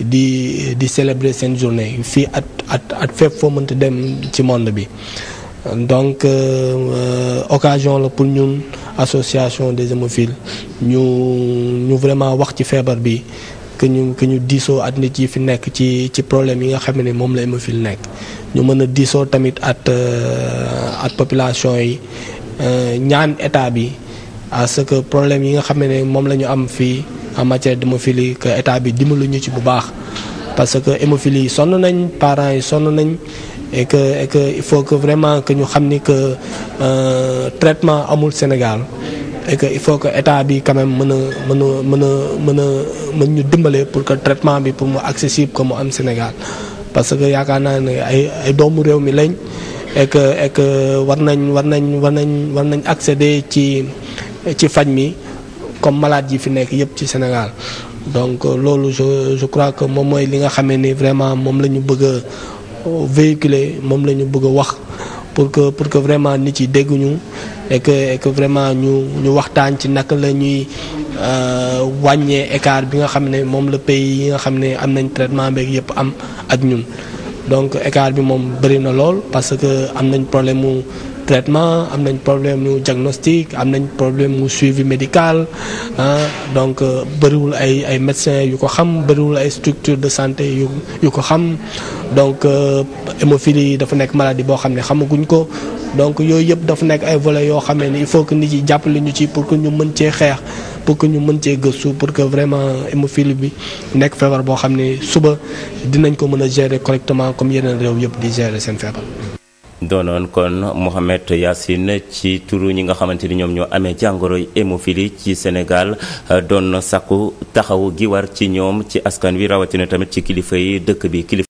di di célébrer seen journée fii at at at fépp foo mënta dem ci monde bi donc euh, euh, occasion la pour ñun association des hémophiles ñu ñu vraiment wax ci feebar bi que ñu que ñu diisoo at nit yi fi nekk ci ci problème yi nga xam ne moom la hémophile nekk ñu mën a diisoo tamit at euh, at population yi euh, ñaan bi à que problème yi nga xam moom la am fii en matière d'hémophilie que état bi dimbalu ñu ci bu baax parce que hémophilie yi sonn nañ parent yi sonn nañ et que et il faut que vraiment que ñu xam ni que euh, traitement amul Sénégal et que il faut que état bi quand même mën a mën mën a mën a mën ñu dimbale pour que traitement bi pour mu accessible que mu am Sénégal parce que yaakaar naa ne ay doomu réew mi lañ et que et war nañ war nañ war nañ war nañ accéder ci ci faj mi comme malade yi fi nekk yëpp ci Sénégal donc euh, loolu je crois que moom mooy li nga xamee ni vraiment moom la ñu bëgg a euh, véhiculer moom la ñu bëgg a wax pour que pour que vraiment nit yi dégguñu et que et vraiment ñu ñu waxtaan ci naka la ñuy euh, wàññee écart bi nga xam ne moom la pays yi nga xam ne am nañ traitement beeg yëpp am ak ñun donc écart bi moom bëri na lool parce que am nañ problème mu traitement am nañ problème mu diagnostic am nañ problème mu suivi médical ah donc euh, bëriwul ay ay médecins yu ko xam bëriwul ay structure de santé yu yu ko xam donc euh, hémophilie dafa nekk maladie boo xam ne xamaguñ ko donc yooyu yëpp dafa nekk ay volets yoo xamee ni il faut que nit yi jàppale ñu ci pour que ñu mën cee xeex pour que ñu mën cee gëstu pour que vraiment hémophilie bi nekk feebar boo xam ne suba dinañ ko mën a gérer correctement comme yeneen réew yëpp di gérer seen feebar. doonoon kon Mohamed Yassine ci turu ñi nga xamante ni ñoom ñoo amee jàngoroy hémophilie ci senegal euh, doon na sakku taxawu gi war ci ñoom ci askan wi rawatina tamit ci kilifa yi dëkk bi kilifa